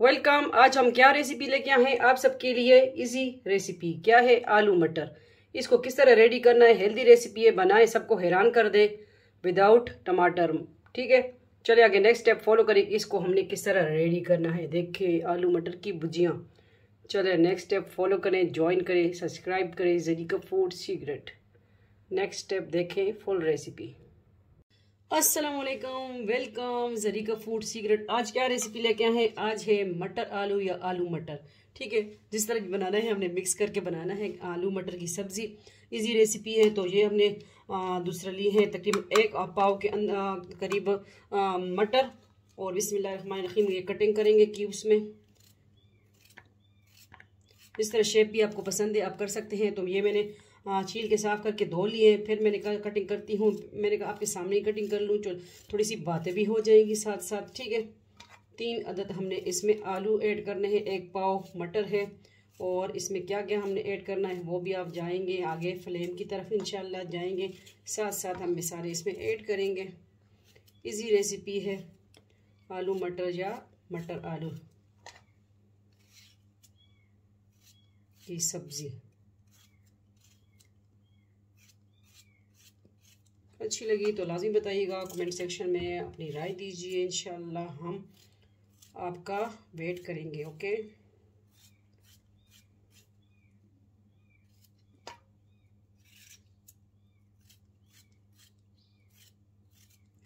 Welcome आज हम क्या रेसिपी लेके आए हैं आप सबके लिए इजी रेसिपी क्या है आलू मटर इसको किस तरह रेडी करना है हेल्दी रेसिपी है बनाए सबको हैरान कर दे विदाउट टमाटर ठीक है चलिए आगे नेक्स्ट स्टेप फॉलो करें इसको हमने किस तरह रेडी करना है देखे आलू मटर की भुजियाँ चलें नेक्स्ट स्टेप फॉलो करें ज्वाइन करें सब्सक्राइब करें Zarika food secret next step देखें फुल रेसिपी अस्सलाम वालेकुम वेलकम जरीका फूड सीक्रेट आज क्या रेसिपी लेके आए हैं आज है मटर आलू या आलू मटर ठीक है जिस तरह बनाना है हमने मिक्स करके बनाना है आलू मटर की सब्ज़ी इजी रेसिपी है तो ये हमने दूसरा ली है तकरीबन एक पाव के अं, करीब मटर और बिसमीम ये कटिंग करेंगे कि में इस तरह शेप भी आपको पसंद है आप कर सकते हैं तो ये मैंने हाँ, छील के साफ़ करके धो लिए फिर मैंने कहा कटिंग करती हूँ मैंने कहा आपके सामने ही कटिंग कर लूँ चल थोड़ी सी बातें भी हो जाएंगी साथ साथ ठीक है तीन अदद हमने इसमें आलू ऐड करने हैं एक पाव मटर है और इसमें क्या क्या हमने ऐड करना है वो भी आप जाएंगे आगे फ्लेम की तरफ इंशाल्लाह जाएंगे साथ साथ हम मिसारे इसमें ऐड करेंगे इजी रेसिपी है आलू मटर या मटर आलू की सब्ज़ी अच्छी लगी तो लाजमी बताइएगा कमेंट सेक्शन में अपनी राय दीजिए इन हम आपका वेट करेंगे ओके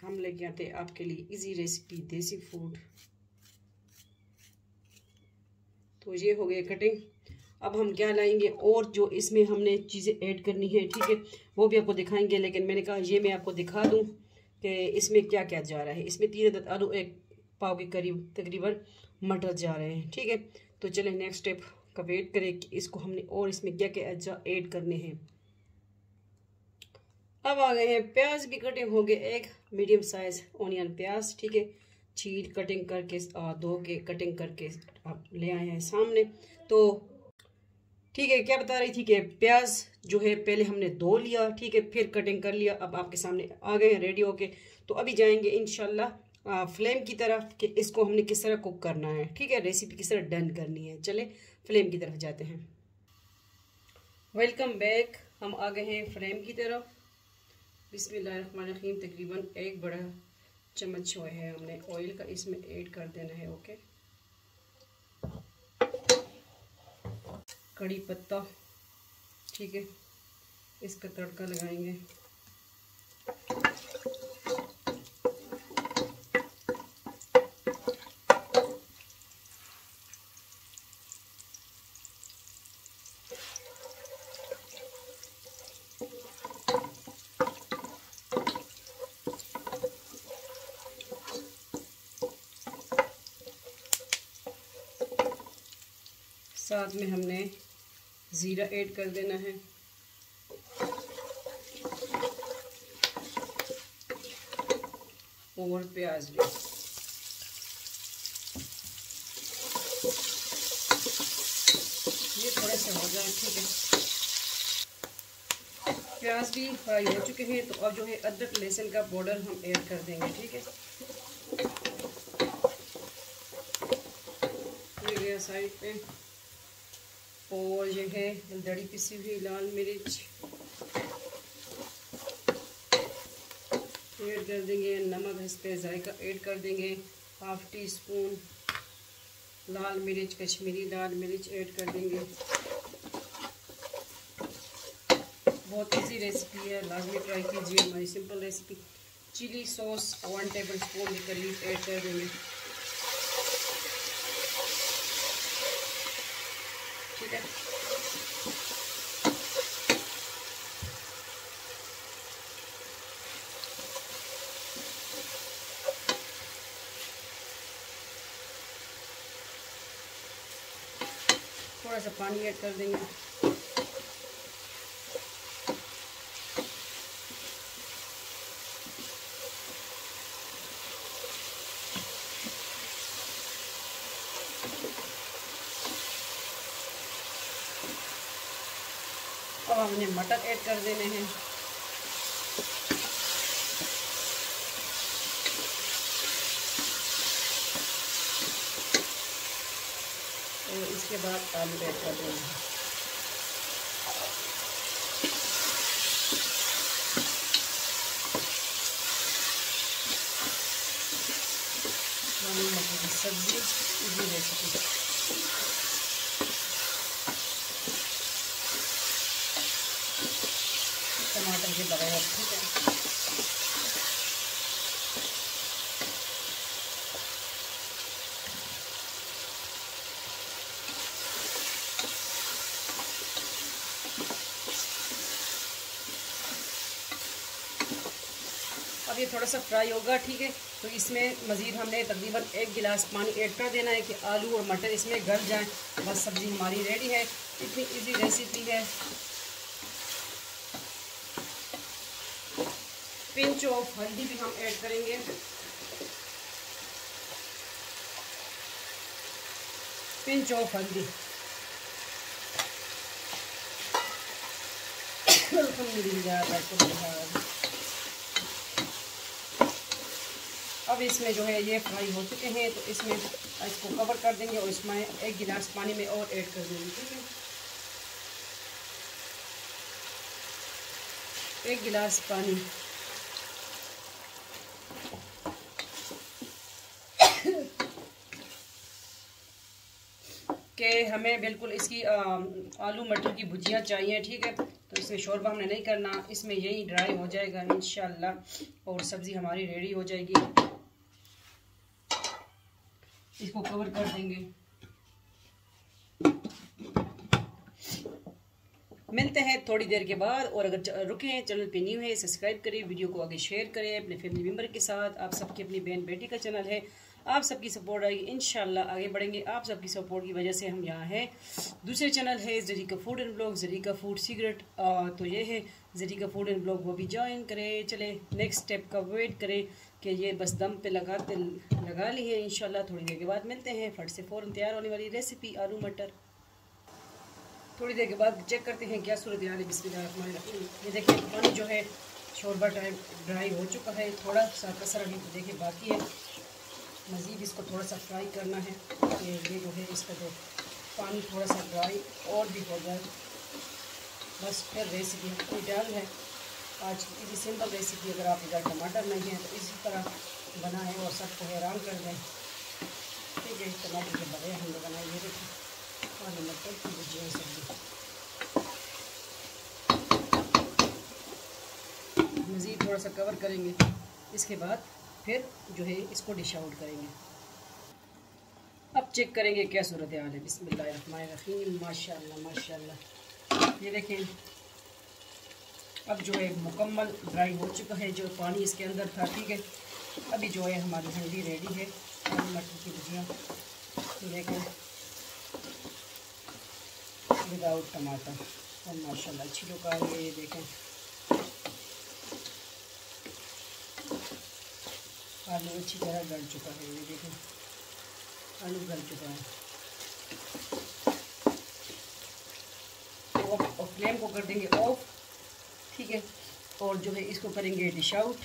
हम लेके आते आपके लिए इजी रेसिपी देसी फूड तो ये हो गए कटिंग अब हम क्या लाएंगे और जो इसमें हमने चीज़ें ऐड करनी है ठीक है वो भी आपको दिखाएंगे लेकिन मैंने कहा ये मैं आपको दिखा दूँ कि इसमें क्या क्या जा रहा है इसमें तीन अदद आलू एक पाव के करीब तकरीबन मटर जा रहे हैं ठीक है तो चले नेक्स्ट स्टेप का वेट करें कि इसको हमने और इसमें क्या क्या अज्जा ऐड करने हैं अब आ गए हैं प्याज भी कटिंग हो गए एक मीडियम साइज ऑनियन प्याज ठीक है छीट कटिंग करके धो के कटिंग करके आप ले आए हैं सामने तो ठीक है क्या बता रही थी कि प्याज जो है पहले हमने धो लिया ठीक है फिर कटिंग कर लिया अब आपके सामने आ गए हैं रेडी होके तो अभी जाएंगे इन फ्लेम की तरफ कि इसको हमने किस तरह कुक करना है ठीक है रेसिपी किस तरह डन करनी है चले फ्लेम की तरफ जाते हैं वेलकम बैक हम आ गए हैं फ्लेम की तरफ लाल तकरीबन एक बड़ा चम्मच जो है हमने ऑयल का इसमें ऐड कर देना है ओके okay? कड़ी पत्ता ठीक है इसका तड़का लगाएंगे साथ में हमने ज़ीरा ऐड कर देना है और प्याज भी ये थोड़े हो जाए ठीक है प्याज भी फ्राई हो चुके हैं तो अब जो है अदरक लहसुन का पाउडर हम ऐड कर देंगे ठीक है ये गया साइड पे और ये है दड़ी पिसी हुई लाल मिर्च ऐड कर देंगे नमक इस पर जायका ऐड कर देंगे हाफ टी स्पून लाल मिर्च कश्मीरी लाल मिर्च ऐड कर देंगे बहुत इजी रेसिपी है लाजमी ट्राई कीजिए हमारी simple recipe chilli sauce one tablespoon के करीब ऐड कर देंगे थोड़ा सा पानी ऐड कर देंगे अब हमने मटर ऐड कर देने हैं और इसके बाद आलू ऐड कर देंगे सब्जी इजी रेसिपी टमाटर के बगैर ठीक है ये थोड़ा सा फ्राई होगा ठीक है तो इसमें मज़ीद हमने तकरीबन एक गिलास पानी ऐड कर देना है कि आलू और मटर इसमें गल जाएं बस सब्ज़ी हमारी रेडी है इतनी इजी रेसिपी है पिंच ऑफ हल्दी भी हम ऐड करेंगे पिंच ऑफ हल्दी मिल जाएगा अब इसमें जो है ये फ्राई हो चुके हैं तो इसमें इसको कवर कर देंगे और इसमें एक गिलास पानी में और ऐड कर देंगे ठीक है एक गिलास पानी के हमें बिल्कुल इसकी आलू मटर की भुजियाँ चाहिए ठीक है तो इसमें शोरबा हमने नहीं करना इसमें यही ड्राई हो जाएगा इन और सब्ज़ी हमारी रेडी हो जाएगी इसको कवर कर देंगे मिलते हैं थोड़ी देर के बाद और अगर रुके हैं चैनल पे न्यू है सब्सक्राइब करें वीडियो को आगे शेयर करें अपने फैमिली मेम्बर के साथ आप सबकी अपनी बहन बेटी का चैनल है आप सबकी सपोर्ट आएगी इन आगे बढ़ेंगे आप सबकी सपोर्ट की वजह से हम यहाँ हैं दूसरे चैनल है Zarika food and blog Zarika food secret तो ये है जरीका फूड एंड ब्लॉग वो भी ज्वाइन करें चले नेक्स्ट स्टेप का वेट करें कि ये बस दम पे लगाते लगा लिए इन थोड़ी देर के बाद मिलते हैं फट से फ़ौर तैयार होने वाली रेसिपी आलू मटर थोड़ी देर के बाद चेक करते हैं क्या सूरत हाल है बिस्मिल ये देखिए पानी जो है शोरबा टाइम ड्राई हो चुका है थोड़ा सा कसर अभी तो देखिए बाकी है मज़ीद इसको थोड़ा सा फ्राई करना है ये ये जो है इसका जो पानी थोड़ा सा ड्राई और भी हो जाए बस फिर रेसिपी डाल है आज की सिंपल रेसिपी अगर आपके घर टमाटर नहीं है तो इसी तरह बनाएं और सबको हैरान कर दें ठीक है टमाटर के बड़े हम लोग बनाए ये देखें और नंबर पर भुजिया सब्जी मज़ीद थोड़ा सा कवर करेंगे इसके बाद फिर जो है इसको डिश आउट करेंगे अब चेक करेंगे क्या सूरत हाल है बिसमिल्ल रखीम माशा माशा ये देखें अब जो है मुकम्मल ड्राई हो चुका है जो पानी इसके अंदर था ठीक है अभी जो है हमारी हल्दी रेडी है हरी मटर की भुजिया तो देखें विदाउट टमाटर और माशाल्लाह अच्छी लोग आ रही है ये देखें आलू अच्छी तरह गल चुका है ये देखें आलू गल चुका है तो फ्लेम को कर देंगे ऑफ ठीक है और जो है इसको करेंगे डिश आउट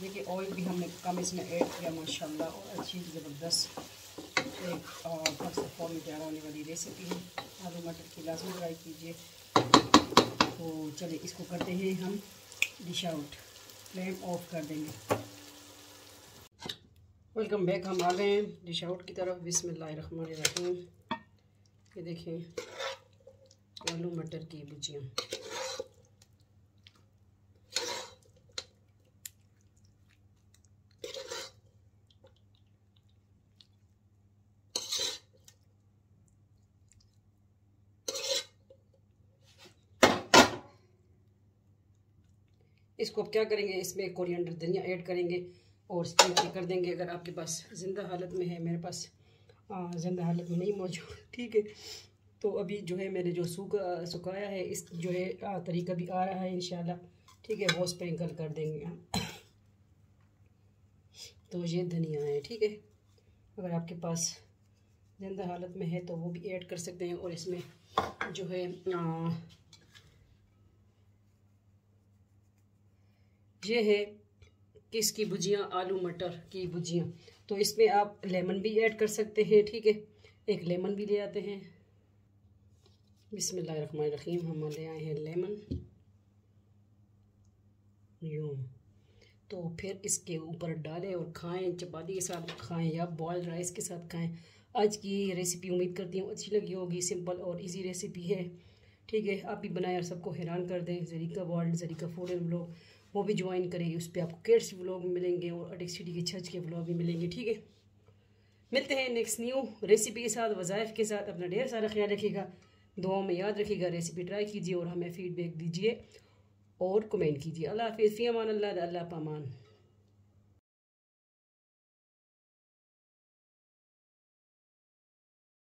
देखिए ऑयल भी हमने कम इसमें ऐड किया माशाल्लाह और अच्छी ज़बरदस्त एक फर्स्ट फॉर्म में तैयार होने वाली रेसिपी है आलू मटर की लाजमी ट्राई कीजिए तो चलिए इसको करते हैं हम डिश आउट फ्लेम ऑफ कर देंगे वेलकम बैक हम आ गए हैं डिश आउट की तरफ बिसमीम ये देखें आलू मटर की भुजिया इसको क्या करेंगे इसमें कोरिएंडर धनिया ऐड करेंगे और स्प्रिंकल कर देंगे अगर आपके पास ज़िंदा हालत में है मेरे पास ज़िंदा हालत में नहीं मौजूद ठीक है तो अभी जो है मैंने जो सूख सुखाया है इस जो है तरीका भी आ रहा है इन ठीक है वो स्प्रिंकल कर देंगे हम तो ये धनिया है ठीक है अगर आपके पास जिंदा हालत में है तो वो भी ऐड कर सकते हैं और इसमें जो है आ, ये है किसकी भुजियाँ आलू मटर की भुजियाँ तो इसमें आप लेमन भी ऐड कर सकते हैं ठीक है एक लेमन भी ले आते हैं बिसमीम हम ले आए हैं लेमन यूँ तो फिर इसके ऊपर डालें और खाएं चपाती के साथ खाएं या बॉयल राइस के साथ खाएं आज की रेसिपी उम्मीद करती हूँ अच्छी लगी होगी सिंपल और इजी रेसिपी है ठीक है आप भी बनाएं और सबको हैरान कर दें Zarika world Zarika food and blog वो भी ज्वाइन करें उस पर आपको केट्स ब्लॉग मिलेंगे और अटिक सिटी के छज के ब्लॉग भी मिलेंगे ठीक है मिलते हैं नेक्स्ट न्यू रेसिपी के साथ वज़ाइफ के साथ अपना ढेर सारा ख्याल रखिएगा दुआओं में याद रखिएगा रेसिपी ट्राई कीजिए और हमें फीडबैक दीजिए और कमेंट कीजिए अल्लाह हाफिज़ फ़ी अमान अल्लाह अल्लाह पामान